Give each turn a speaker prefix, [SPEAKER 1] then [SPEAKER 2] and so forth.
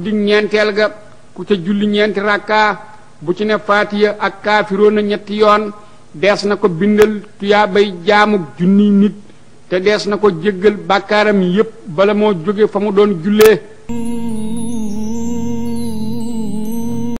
[SPEAKER 1] guddi ñeenteel ga ku ca julli ñeenti rakka bu ci ne faatiya ak kaafiroon na ñetti yoon dees na ko bindal tuyaabay jaamuk junniy nit te dees na ko jéggal bàkkaaram yépp bala moo jóge fa mu doon jullee